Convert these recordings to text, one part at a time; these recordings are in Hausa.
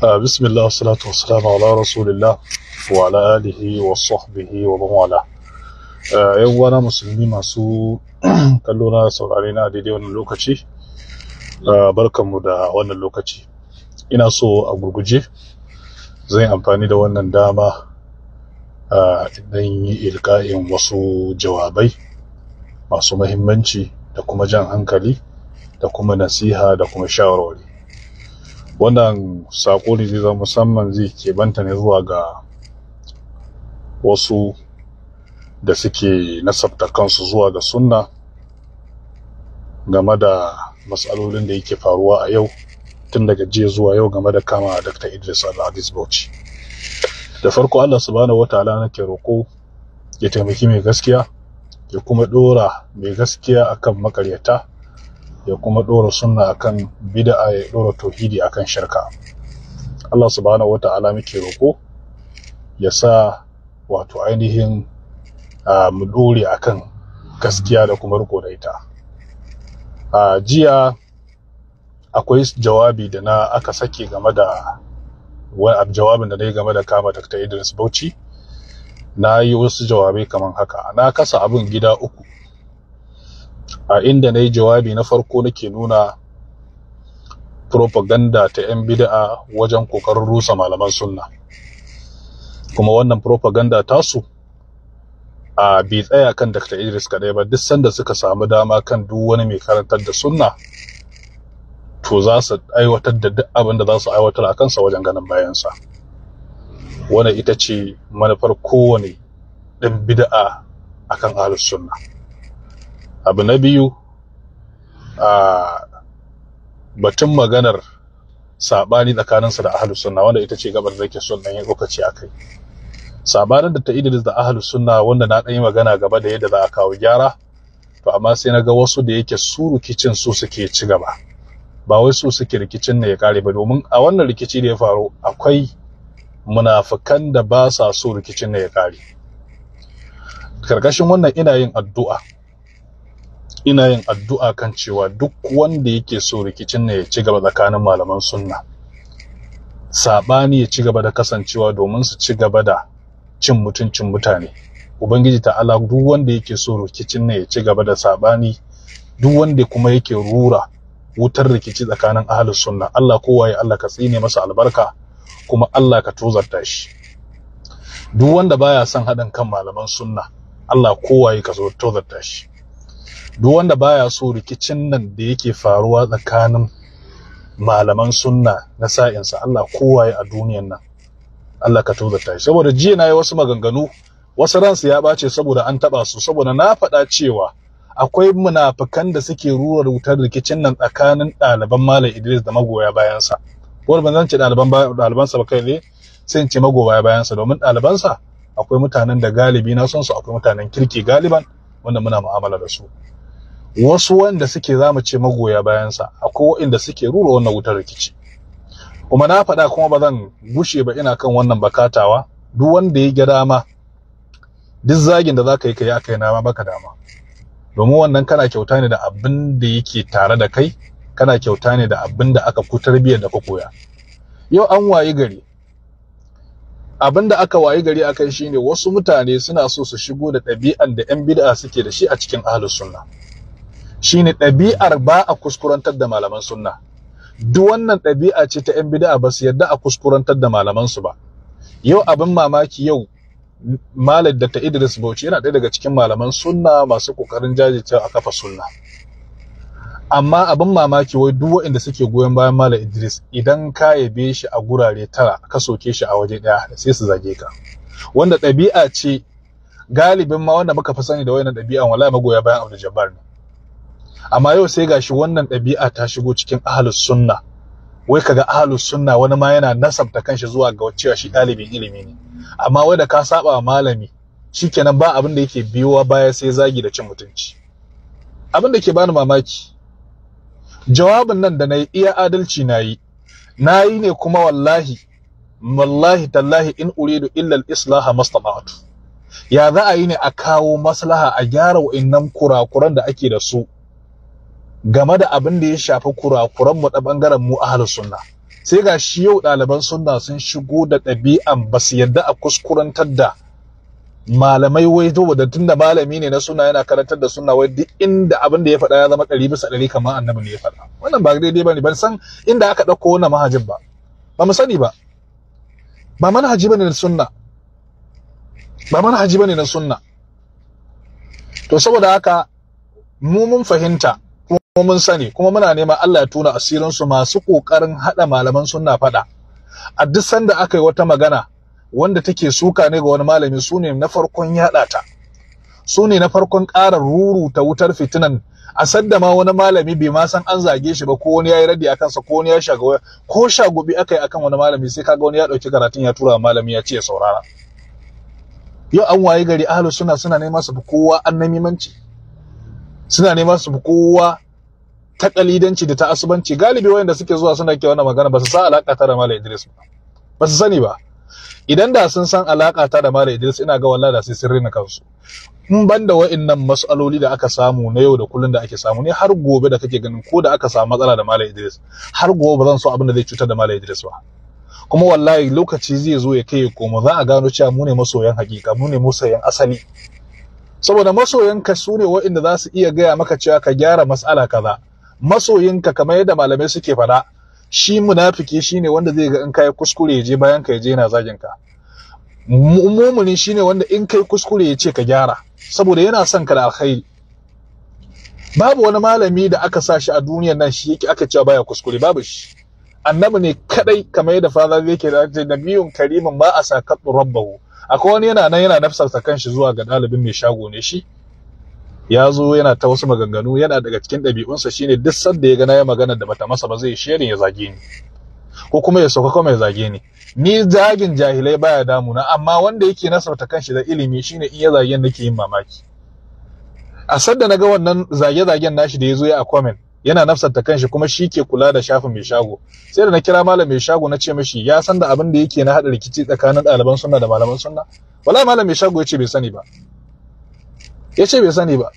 bismillah salatu wassalamu ala rasulillah wa ala alihi wa sahbihi wa man yan uwana musulmi masu kallona, saurari, saurare na daidai wannan lokaci barkanmu da wannan lokaci ina so a gurguje zan yi amfani da wannan dama idan yi ilka'in wasu jawabai masu mahimmanci da kuma jan hankali da kuma nasiha da kuma shawarwari wannan sako da zai musamman zai keɓanta ne zuwa ga wasu da suke nasabta kansu zuwa ga sunna game da matsalolin da yake faruwa a yau tun daga jiya zuwa yau game da kama dr idris al-hadis bauchi da farko allah subhanahu wataala ke roko ya taimaki mai gaskiya ya kuma ɗora mai gaskiya akan makaryata ya kuma ɗora sunna kan bid'a ya ɗora tauhidi akan shirka Allah subhanahu wata'ala muke roƙo ya sa wato ainihin mu ɗore akan gaskiya da kuma riko da ita a jiya akwai jawabi da na aka sake game da jawabin da na yi game da kama Dr. Idris Bauchi na yi wasu jawabai kamar haka na kasa abin gida uku a inda na yi jawabi na farko nake nuna propaganda ta 'yan bida'a wajen kokarin rusa malaman sunna kuma wannan propaganda tasu a bai tsaya kan dr idris kadai ba duk sanda suka samu dama kan duk wani mai karantar da sunna to za su aiwatar da duk abin da za su aiwatar a kansa wajen ganin bayansa wannan ita ce manufar kowane ɗan bida'a akan ahlus sunna abu na biyu a batun maganar sabani tsakaninsa da ahalus sunna wanda ita ce gabar da ke son dan yi lokaci akai sabanin da ta Idris da ahalus sunna wanda na ɗanyi magana gaba da yadda za a kawo gyara to amma sai na ga wasu da yake su rikicin su suke ci gaba ba wai su suke rikicin ne ya kare ba domin a wannan rikici da ya faru akwai munafukan da ba sa so rikicin ne ya kare karkashin wannan ina yin addu'a ina yin addu'a kan cewa duk wanda yake so rikicin ne ya ci gaba tsakanin malaman sunna saɓani ya ci gaba da kasancewa domin su ci gaba da cin mutuncin mutane ubangiji ta'ala duk wanda yake so rikicin ne ya ci gaba da saɓani duk wanda kuma yake rura wutar rikici tsakanin ahalin sunna Allah kowaye Allah ka tsine masa albarka kuma Allah ka tozarta shi duk wanda baya son haɗin kan malaman sunna Allah kowaye ka tozarta shi duk wanda baya so rikicin nan da yake faruwa tsakanin malaman sunna na sa'insa Allah kowaye a duniyan nan Allah ka tozarta shi saboda jiya na yi wasu maganganu wasu ransu ya ɓace saboda an taɓa su saboda na faɗa cewa akwai munafikan da suke ruwa wutar rikicin nan tsakanin ɗaliban malam Idris da magoya bayansa wani ban zance ɗalibansa ba kai ne sai in ce magoya bayansa domin ɗalibansa akwai mutanen da galibi na son su akwai mutanen kirki galiban wanda muna mu'amala da su wasu wanda suke zamu ce magoya bayansa akwai waɗanda suke rura wannan wutar rikici kuma na faɗa kuma ba zan gushe ba ina kan wannan bakatawa duk wanda ya ga dama duk zagin da zaka yi kai aka yi nama baka dama domin wannan kana kyauta ne da abin da yake tare da kai kana kyauta ne da abin da aka ku biyar da ka koya yau an wayi gari abin da aka wayi gari akai shine wasu mutane suna so su shigo da ɗabi'an da 'yan bid'a suke da shi a cikin ahlus sunna shine ɗabi'ar ba a kuskurantar da malaman sunna duk wannan ɗabi'a ce ta 'yan bida ba su yarda a kuskurantar da malaman su ba yau abin mamaki yau malam da ta idris bauchi yana ɗaya daga cikin malaman sunna masu ƙoƙarin jajirce a kafa sunna amma abin mamaki wai duk waɗanda suke goyon bayan malam idris idan ka yabe shi a gurare tara ka soke shi a waje ɗaya sai su zage ka wanda ɗabi'a ce galibin ma wanda muka fi sani da wayannan ɗabi'a wallahi magoya bayan da jabbar ne amma yau sai gashi wannan ɗabi'a ta shigo cikin ahlus sunna wai kaga ahlus sunna wani ma yana nasabta kanshi zuwa ga cewa shi ɗalibin ilimi ne amma wai da ka saba malami shikenan ba abin da yake biyowa baya sai zagi da cin mutunci abin da ke bani mamaki jawabin nan da nayi iya adalci na yi na ne kuma wallahi wallahi tallahi in uridu illa al-islaha mastata'tu ya za a yi ne a kawo maslaha a gyara wa'annan kurakuran da ake da su game da abin da ya shafi kurakuran mu da bangaren mu ahlus sunna sai ga shi yau ɗaliban sunna sun shigo da ɗabi'an ba su yadda a kuskurantar da malamai wai to da tunda malami ne na suna yana karantar da suna wai duk inda abin da ya faɗa ya zama ɗari bisa ɗari kamar annabi ne ya faɗa wannan ba daidai ba ne ban san inda aka ɗauko wannan mahajin ba ba mu sani ba ba manhaji bane na sunna ba manhaji bane na sunna to saboda haka mu mun fahimta kuma mun sani kuma muna neman Allah ya tuna asirin su masu kokarin haɗa malaman sunna faɗa. a duk sanda aka yi wata magana wanda take suka ne ga wani malami su ne na farkon yada ta su ne na farkon ƙara ruru ta wutar fitinan a sadda ma wani malami bai ma san an zage shi ba ko wani yayi radi akan sa ko wani ya shaga ko shagubi akai akan wani malami sai kaga wani ya dauki karatun ya tura malami ya ce ya saurara yau an waye gari ahlus sunna suna neman su kowa manci suna neman su kowa ta kalidanci da ta asubanci galibi wayanda suke zuwa suna ke wannan magana ba su san alaka ta da Malam Idris ba ba su sani ba idan da sun san alaka ta da Malam Idris ina ga wallahi da sai sirri na kansu in ban da wa'annan mas'aloli da aka samu na yau da kullun da ake samu ne har gobe da kake ganin ko da aka samu matsala da Malam Idris har gobe ba zan so abin da zai cutar da Malam Idris ba kuma wallahi lokaci zai zo ya kai komo za a gano cewa mu ne masoyan hakika mu ne masoyan asali saboda masoyanka su ne wa'anda za su iya gaya maka cewa ka gyara mas'ala kaza masoyinka kamar yadda malamai suke faɗa shi munafiki shine wanda zai ga in kai kuskure ya je bayan ka ya je yana zagin ka mumuni shine wanda in kai kuskure ya ce ka gyara saboda yana son ka da alkhairi babu wani malami da aka sa shi a duniyar nan shi yake aka cewa baya kuskure babu shi annabi ne kadai kamar yadda fada ke da nabiyun karimin ba a sakatu rabbahu akwai wani yana nan yana nafsarsa kanshi zuwa ga ɗalibin mai shago ne shi ya zo yana ta wasu maganganu yana daga cikin ɗabi'unsa ne, duk sanda ya gana ya magana da bata masa ba zai sherin ya zage ni ko kuma ya sauka kuma ya zage ni ni zagin jahilai baya damu na, amma wanda yake nasarta kanshi da ilimi shine in ya zage nake yin mamaki a na ga wannan zage-zagen nashi da ya zo ya a comment yana nafsarta kanshi kuma shi ke kula da shafin mai shago sai da na kira malam mai shago na ce mashi ya san da abin da yake na haɗa rikici tsakanin ɗaliban sunna da malaman sunna wala malam mai shago ya ce bai sani ba ya ce bai sani ba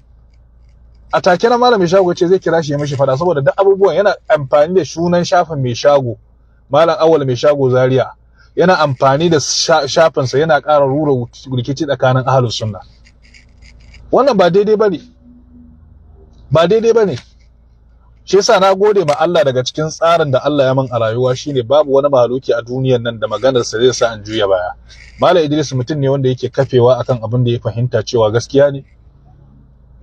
a take na malamin shago ce zai kira shi ya mishi fada saboda duk abubuwan yana amfani da sunan shafin mai shago malam awal mai shago Zariya yana amfani da shafinsa yana ƙara rura rikici tsakanin ahlus sunna wannan ba daidai bane ba daidai bane shi yasa na gode ma Allah daga cikin tsarin da Allah ya mun a rayuwa shine babu wani mahaluki a duniyar nan da maganar sa zai sa an juya baya Malam Idris mutum ne wanda yake kafewa akan abin da ya fahimta cewa gaskiya ne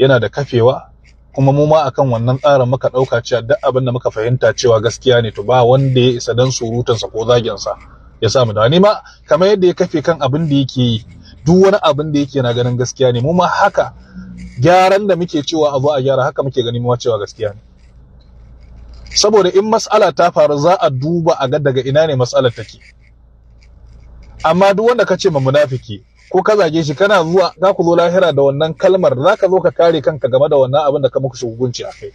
yana da kafewa kuma mu ma akan wannan tsarin muka ɗauka cewa duk abin da muka fahimta cewa gaskiya ne to ba wanda ya isa dan surutansa ko zaginsa ya sa mu da ni ma kamar yadda ya kafe kan abin da yake yi duk wani abin da yake na ganin gaskiya ne mu ma haka gyaran da muke cewa abu a gyara haka muke gani ma cewa gaskiya ne saboda in mas'ala ta faru za a duba a ga daga ina ne mas'alar take amma duk wanda ka ce ma munafiki ko ka zage shi kana zuwa za ku zo lahira da wannan kalmar za ka zo ka kare kanka game da wannan abin da ka muku shugunci a kai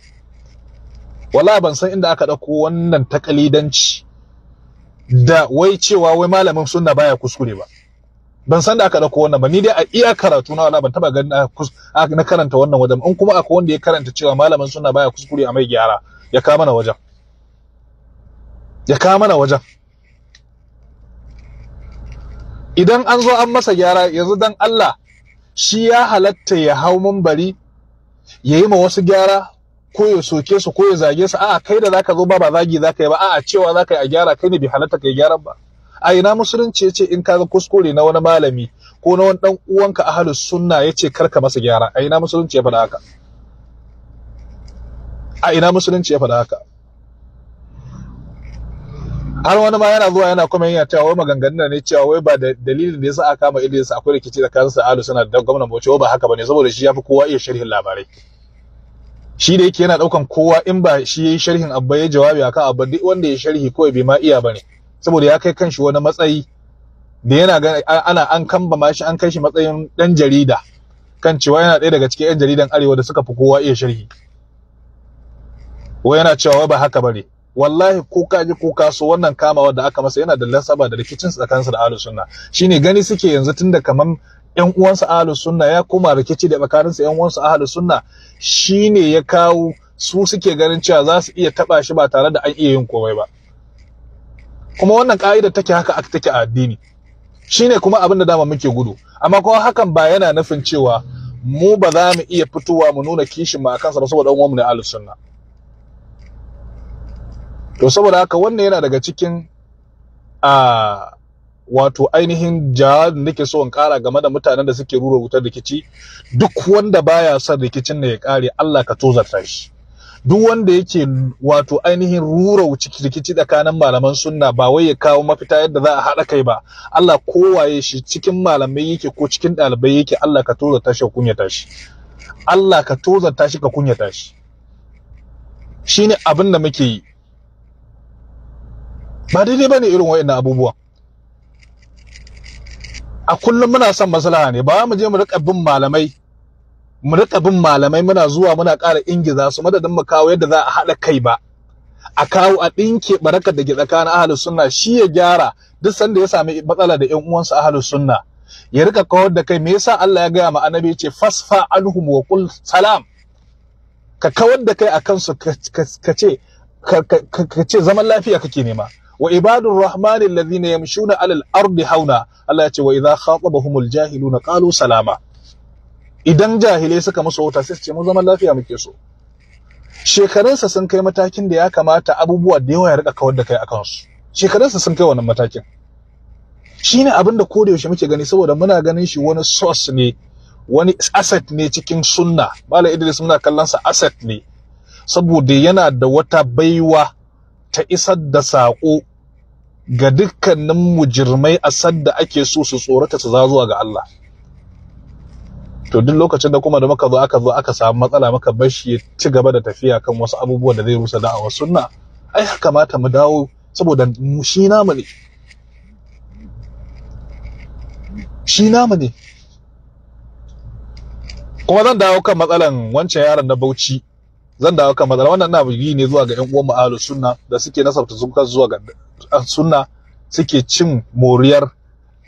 wala ban san inda aka ɗauko wannan takalidanci da wai cewa wai malamin sunna baya kuskure ba ban san da aka ɗauko wannan ba ni dai a iya karatu na wala ban taba ganin na karanta wannan wajen in kuma akwai wanda ya karanta cewa malamin sunna baya kuskure a mai gyara ya kama mana wajen ya kama mana wajen idan an zo an masa gyara yanzu dan Allah shi ya halatta ya hau mambari ya yi ma wasu gyara ko ya soke su ko ya zage su a'a kai da zaka zo ba ba zagi zaka yi ba a'a cewa zaka yi a gyara kai ne bai halatta kai gyaran ba a ina musulunci yace in ka ga kuskure na wani malami ko na wani dan uwanka ahlus sunna ce karka masa gyara a ina musulunci ya faɗa haka a ina musulunci ya faɗa haka har wani ma yana zuwa yana kuma yana cewa wai maganganun ne cewa wai ba da dalilin da yasa aka kama Idris akwai rikici da kansa Alu suna da gwamnan Bauchi ba haka bane saboda shi yafi kowa iya sharhin labarai shi da yake yana daukan kowa in ba shi yayi sharhin abba ya jawabi akan abba duk wanda ya sharhi kawai bai ma iya bane saboda ya kai kanshi wani matsayi da yana ga ana an kamba ma shi an kai shi matsayin dan jarida kan cewa yana ɗaya daga cikin 'yan jaridan arewa da suka fi kowa iya sharhi wai yana cewa wai ba haka bane wallahi ko ka ji ko ka so wannan kamawa da aka masa yana da lasaba da rikicin tsakaninsa da ahlus sunna shine gani suke yanzu tunda kaman yan uwansa ahlus sunna ya koma rikici da tsakaninsa yan uwansa ahlus sunna shine ya kawo su suke ganin cewa za su iya taba shi ba tare da an iya yin komai ba kuma wannan ka'ida take haka a take a addini shine kuma abin da dama muke gudu amma kuma hakan ba yana nufin cewa mu ba za mu iya fitowa mu nuna kishin mu a kansa ba saboda uwan mu ne ahlus sunna to saboda haka wannan yana daga cikin a wato ainihin da nake so in kara game da mutanen da suke rura wutar rikici duk wanda baya son rikicin da ya kare Allah ka tozarta shi duk wanda yake wato ainihin rura rikici tsakanin malaman sunna ba wai ya kawo mafita yadda za a haɗa kai ba Allah kowaye shi cikin malamai yake ko cikin ɗalibai yake Allah ka tozarta shi ka kunyata shi Allah ka tozarta shi ka kunyata shi shine abin da muke yi ba daidai ba ne irin wa'annan abubuwa a kullum muna son maslaha ne ba mu je mu rika bin malamai mu rika bin malamai muna zuwa muna ƙara ingiza su madadin mu kawo yadda za a haɗa kai ba a kawo a ɗinke barakar da ke tsakanin ahalus sunna shi ya gyara duk sanda ya sami matsala da 'yan uwansa ahalus sunna ya rika kawar da kai me yasa Allah ya gaya ma annabi ce fasfa anhum wa qul salam ka kawar da kai akan su ka ce ka ce zaman lafiya kake nema wa ibadur rahmanil ladhina yamshuna alal ardi hauna Allah ya ce wa idza khatabahumul salama idan jahilai suka musu wuta sai su ce mu zaman lafiya muke so shekarunsa sun kai matakin da ya kamata abubuwa da yawa ya rika kawar da kai akan su shekarunsa sun kai wannan matakin shine abin da koda yaushe muke gani saboda muna ganin shi wani source ne wani asset ne cikin sunna malam idris muna kallon sa asset ne saboda yana da wata baiwa ta isar da saƙo ga dukkanin mujirmai a sadda ake so su tsorata su zazuwa ga Allah to duk lokacin da kuma da muka zo aka zo aka samu matsala muka bar shi ya ci gaba da tafiya kan wasu abubuwan da zai rusa da'awar sunna ai kamata mu dawo saboda shi namu ne shi namu ne kuma zan dawo kan matsalan wancan yaron na Bauchi zan dawo kan matsala wannan na bugi ne zuwa ga yan uwan ma'alu sunna da suke nasabta zuka zuwa ga sunna suke cin moriyar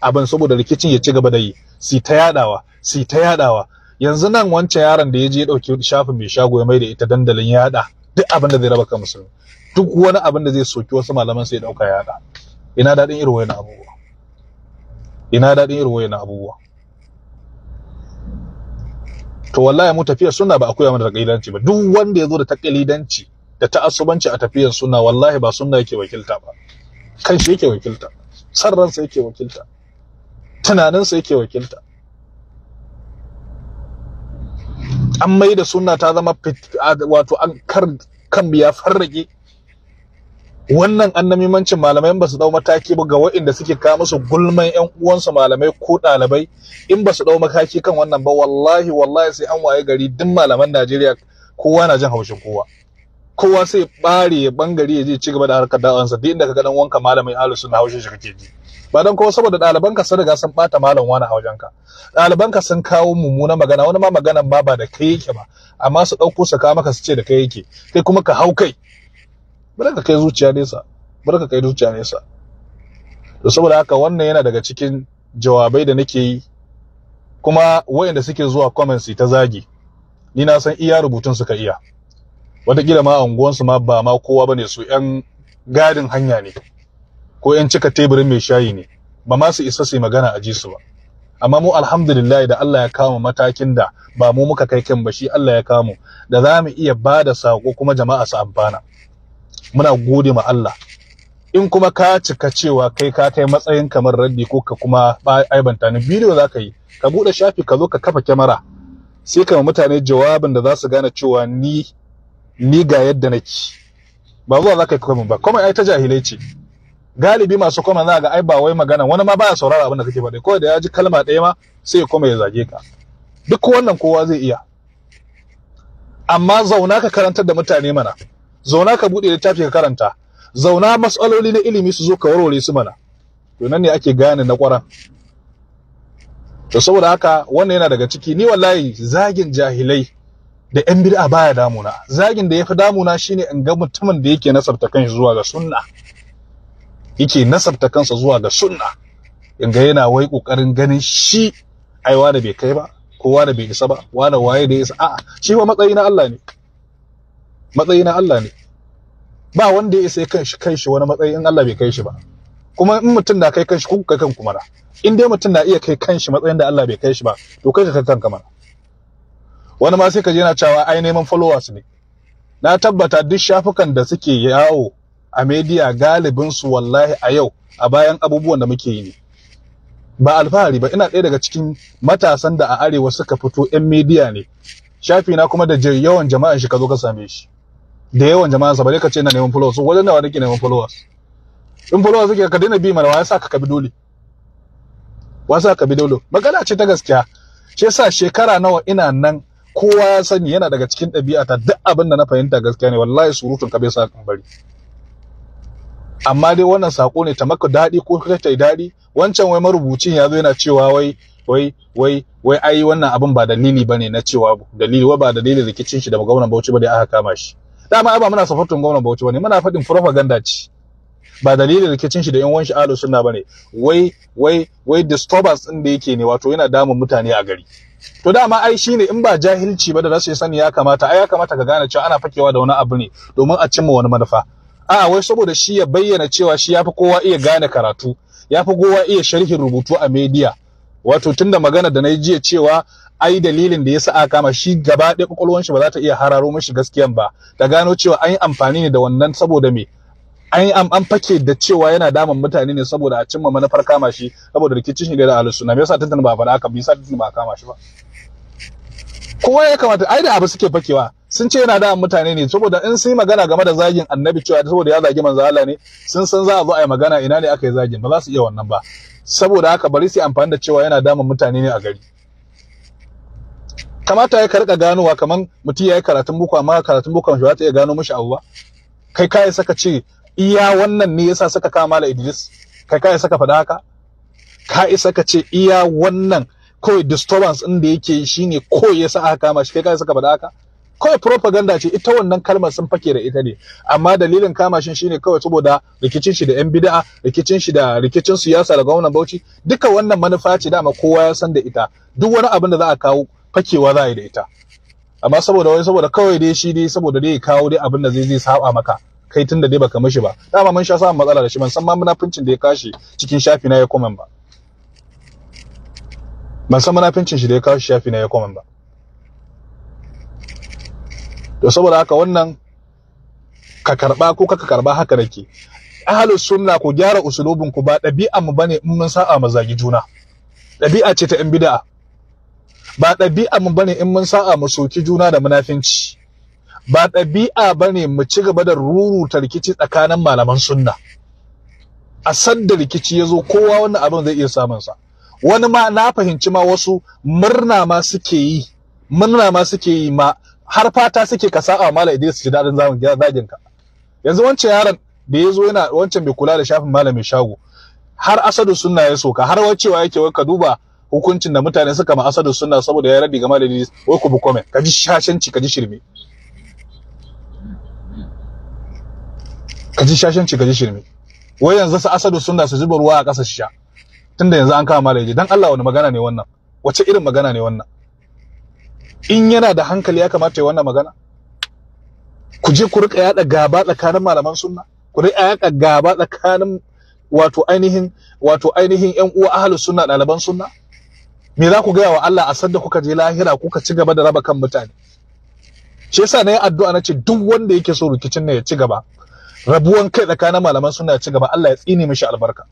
abin saboda rikicin ya ci gaba da yi si ta yadawa si ta yadawa yanzu nan wancan yaron da ya je ya dauki shafin mai shago ya mai da ita dandalin yada duk abin da zai raba kan musulmi duk wani abin da zai soki wasu malaman sai ya dauka yada ina dadin irin wayan abubuwa ina dadin irin wayan abubuwa to wallahi mu tafiyar sunna ba a koya mana takalidanci ba duk wanda ya zo da takalidanci da ta asubanci a tafiyar sunna wallahi ba sunna yake wakilta ba kan shi yake wakilta san ransa yake wakilta tunaninsa yake wakilta an mai da sunna ta zama wato an kar kan ya farrage wannan annamimancin malamai ba su dau mataki ba ga wa'inda suke kawo musu gulman yan uwansu malamai ko ɗalibai in ba su dau mataki kan wannan ba wallahi wallahi sai an waye gari duk malaman Najeriya kowa na jin haushin kowa kowa sai bare ya bangare ya je ci gaba da harkar da'awansa duk inda ka dan wanka malamai ahlus sunna haushin shi kake ji ba don kowa saboda ɗalibanka sun riga sun ɓata malam wani a wajenka ɗalibanka sun kawo mummuna magana wani ma maganan ba ba da kai yake ba amma su ɗauko su kawo maka su ce da kai yake kai kuma ka hau kai bari ka kai zuciya nesa bari ka kai zuciya nesa to saboda haka wannan yana daga cikin jawabai da nake yi kuma wayanda suke zuwa comments ta zagi ni na san iya rubutun suka iya wata wataƙila ma su ma ba ma kowa bane su yan gadin hanya ne ko yan cika teburin mai shayi ne ba ma su isa su magana a ji su ba amma mu alhamdulillah da Allah ya kama matakin da ba mu muka kai kan ba shi Allah ya kamo da za mu iya ba da sako kuma jama'a su amfana muna gode ma Allah in kuma ka cika cewa kai ka kai matsayin kamar raddi ko ka kuma aibanta ni bidiyo za ka yi ka bude shafi ka zo ka kafa kyamara sai ka mutane jawabin da za su gane cewa ni ni ga yadda nake ba zuwa za ka yi komai ba Komai ai ta jahilai ce galibi masu komai za ga ai ba wai magana wani ma baya saurara abin da kake faɗi kawai da ya ji kalma ɗaya ma sai ya koma ya zage ka duk wannan kowa zai iya amma zauna ka karantar da mutane mana zauna ka buɗe littafi ka karanta zauna matsaloli na ilimi su zo ka warware su mana to nan ne ake gane na ƙwaran to saboda haka wannan yana daga ciki ni wallahi zagin jahilai da yan bid'a baya damuna zagin da yafi damuna shine in ga mutumin da yake nasabta kansa zuwa ga sunna yake nasabta kansa zuwa ga sunna in ga yana wai kokarin ganin shi Ai wani bai kai ba ko wani bai isa ba wani waye da yasa? a'a shi ba matsayi na Allah ne matsayi na Allah ne ba wanda ya isa ya kanshi kanshi wani matsayi in Allah bai kai shi ba kuma in mutum na kai kanshi kuka kai kanku mana in dai mutum na iya kai kanshi matsayin da Allah bai kai shi ba to kai ka kai kanka mana wani ma sai ka je yana cewa ai neman followers ne na tabbata duk shafukan da suke yawo a media galibin su wallahi a yau a bayan abubuwan da muke yi ne ba alfahari ba ina ɗaya daga cikin matasan da a arewa suka fito 'yan media ne shafi na kuma da yawan jama'an shi ka zo ka same shi da yawan jama'a sa bare ka ce ina neman followers wajen nawa nake neman followers in followers suke ka daina bi mana wa yasa ka kabi dole wa ka bi dole magana ce ta gaskiya shi yasa shekara nawa ina nan kowa ya sani yana daga cikin ta duk abin da na fahimta gaskiya ne wallahi surutun ka bai sa kan bari amma dai wannan sako ne ta maka daɗi ko kai ta daɗi wancan wai marubucin ya zo yana cewa wai wai wai wai ai wannan abin ba dalili bane na cewa dalili wa ba dalili rikicin shi da gwamnan Bauchi ba dai aka kama shi dama ai ba muna supportin gwamnan Bauchi bane muna faɗin propaganda ce ba dalilin rikicin shi da yan wanshi alu sunna bane wai wai wai disturbance din da yake ne wato yana damun mutane a gari to dama ai shine in ba jahilci ba da zasu sani ya kamata ai ya kamata ka gane cewa ana fakewa da wani abu ne domin a cimma wani manufa a wai saboda shi ya bayyana cewa shi yafi kowa iya gane karatu yafi kowa iya sharhin rubutu a media wato tunda magana da na jiya cewa ai dalilin da yasa aka kama shi gaba ɗaya kwakwalwar shi ba za ta iya hararo mashi gaskiyan ba ta gano cewa an yi amfani ne da wannan saboda me an an fake da cewa yana damun mutane ne saboda a cimma manufar kama shi saboda rikicin shi da alusu na me yasa tantan ba fara aka bi Sa tantan ba kama shi ba kowa ya kamata ai da abu suke fakewa sun ce yana da mutane ne saboda in sun yi magana game da zagin annabi cewa saboda ya zagi manzo Allah ne sun san za a zo a yi magana ina ne aka yi zagin ba za su iya wannan ba saboda haka bari su amfani da cewa yana damun mutane ne a gari kamata ya karka ganowa kaman mutum ya yi karatun boko amma karatun boko shi ta iya gano mashi abu ba kai kai saka ce iya wannan ne yasa saka kama mala idris kai kai saka fada haka ka saka ce iya wannan kawai disturbance ɗin da yake shine ko sa aka kama shi kai kai saka fada haka kawai propaganda ce ita wannan kalmar sun fake da ita ne amma dalilin kama shi shine kawai saboda rikicin shi da yan bid'a rikicin shi da rikicin siyasa da gwamnan Bauchi duka wannan manufa ce dama kowa ya san da ita duk wani abin da za a kawo fakewa za a yi da ita amma saboda wani saboda kawai dai shi dai saboda dai kawo dai abin da zai zai saba maka kai tun da dai baka mishi ba dama mun sha samun matsala da shi ban san ma munafincin da ya kashi cikin shafi na ya komen ba ban san munafincin shi da ya kashi shafi na ya komen ba to saboda haka wannan ka karba ko ka karba haka nake ahlu sunna ku gyara usulubun ku ba dabi'a mu bane in mun sa'a mazagi juna dabi'a ce ta yan bid'a ba ɗabi'a mu bane in mun sa'a mu soki juna da munafinci ba ɗabi'a bane mu ci gaba da ruruta rikici tsakanin malaman sunna a sadda rikici ya zo kowa wannan abin zai iya samun sa wani ma na fahimci ma wasu murna ma suke yi murna ma suke yi ma har fata suke ka sa'a mala su ji dadin zagin ka yanzu wancan yaron da ya zo yana wancan bai kula da shafin malamin shago har asadu sunna ya soka har wacewa yake wai ka duba hukuncin da mutane suka ma asadu suna saboda ya rabi game da Idris wai ku bukome comment ka ji shashanci ka ji shirme ka ji shashanci ka ji shirme wai yanzu su asadu suna su zuba ruwa a ƙasar sha tunda yanzu an kama malaji. dan Allah wani magana ne wannan wace irin magana ne wannan in yana da hankali ya kamata ya wannan magana ku je ku rika yada gaba tsakanin malaman sunna ku rika yada gaba tsakanin wato ainihin wato ainihin yan uwa ahlus sunna ɗaliban sunna me za ku gaya wa Allah a sanda kuka je lahira kuka ci gaba da raba kan mutane shi yasa na yi addu'a na ce duk wanda yake so rikicin na ya ci gaba rabuwan kai tsakanin malaman suna ya ci gaba Allah ya tsine mishi albarka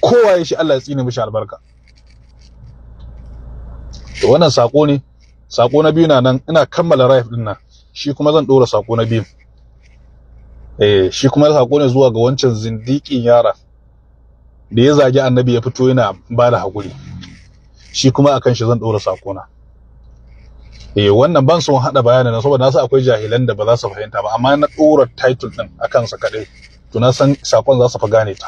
kowa ya shi Allah ya tsine mishi albarka to wannan sako ne sako na biyu na nan ina kammala rayif din nan shi kuma zan dora sako na biyu eh shi kuma sako ne zuwa ga wancan zindikin yara da ya zagi annabi ya fito yana ba da hakuri shi kuma akan shi zan ɗora na. eh wannan ban son haɗa na saboda na akwai jahilan da ba za su fahimta ba amma na ɗora title ɗin akan sa kaɗai to na san sakon za su fa gane ta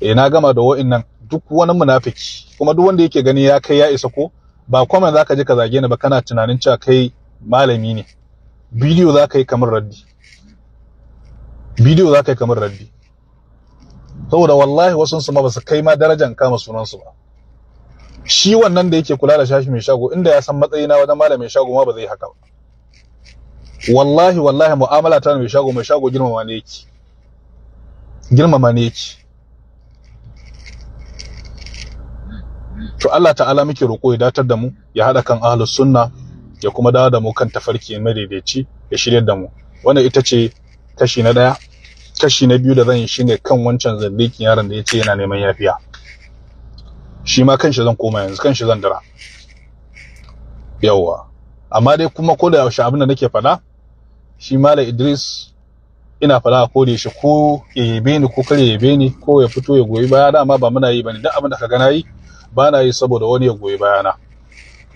eh na gama da wa'innan duk wani munafiki kuma duk wanda yake gani ya kai ya isa ko ba kwamen za ka ji ka zage ni ba kana tunanin cewa kai malami ne bidiyo za ka yi kamar raddi bidiyo za yi kamar raddi saboda wallahi wasu su ma ba su kai ma darajan kama sunansu ba shi wannan da yake kula da shashi mai shago inda ya san matsayina wajen mai shago ma ba zai haka ba wallahi wallahi mu'amala ta mai shago mai shago girmama ne yake girmama ne yake to Allah ta'ala muke roƙo ya datar da mu ya hada kan ahlus sunna ya kuma dawo da mu kan tafarki mai madaidaici ya shiryar da mu wannan ita ce kashi na daya kashi na biyu da zan yi shine kan wancan zallikin yaron da yace yana neman yafiya shi ma kanshi zan koma yanzu kanshi zan dira yawa amma dai kuma ko da yaushe abin da nake faɗa shi malam Idris ina faɗa ko da yaushe ko ya yabe ni ko kar ya ni ko ya fito ya goyi baya Amma ba muna yi bane duk abin da ka gana yi ba na yi saboda wani ya goyi baya na?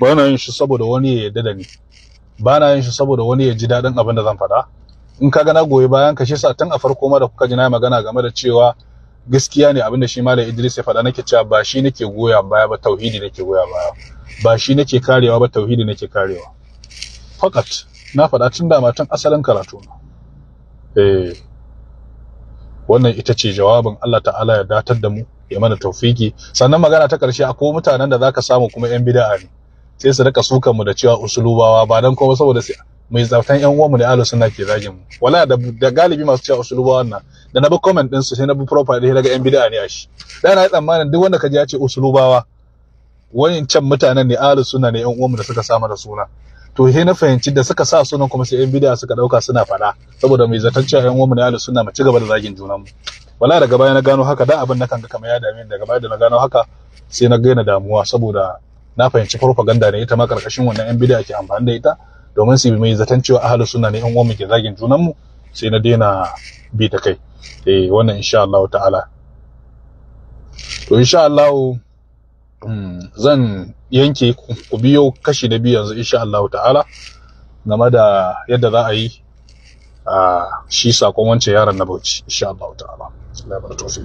ba na yin shi saboda wani ya yarda da ni ba na yin shi saboda wani ya ji daɗin abin da zan faɗa in ka gana goyi bayan ka shi sa tun a farko ma da kuka ji na magana game da cewa gaskiya ne abinda shi malam Idris ya faɗa nake cewa ba shi nake goya baya ba tauhidi nake goya baya ba shi nake karewa ba tauhidi nake karewa fakat na faɗa tun da matan asalin karatu eh wannan ita ce jawabin Allah ta'ala ya datar da mu ya mana taufiki sannan magana ta karshe akwai mutanen da zaka samu kuma yan bid'a ne sai su rika sukan mu da cewa usulubawa ba dan kowa saboda sai mai zartan yan uwanmu da ahlus sunna ke zagin mu wala da, galibi masu cewa usuluba wannan da na bi comment din su sai na bi profile din daga yan bid'a ne a shi da na yi tsammanin duk wanda ka ji ya ce usulubawa can mutanen ne ahlus sunna ne yan uwanmu da suka samu da suna to sai na fahimci da suka sa sunan kuma sai yan bid'a suka dauka suna fada saboda mai zartan cewa yan uwanmu da ahlus sunna mu ci gaba da zagin mu. wala daga baya na gano haka da abin na kan ga kamar ya dame ni daga baya da na gano haka sai na gaina damuwa saboda na fahimci propaganda ne ita ma karkashin wannan yan bid'a ke amfani da ita domin su mai zaton cewa ahalu suna ne yan uwan ke zagin junan mu sai na daina bi ta kai eh wannan insha Allah ta'ala to insha Allah mm, zan yanke ku biyo kashi na biyu yanzu insha Allah ta'ala game da yadda za a yi a ah, shi sakon wancan yaron na Bauchi insha Allah ta'ala Allah ya bar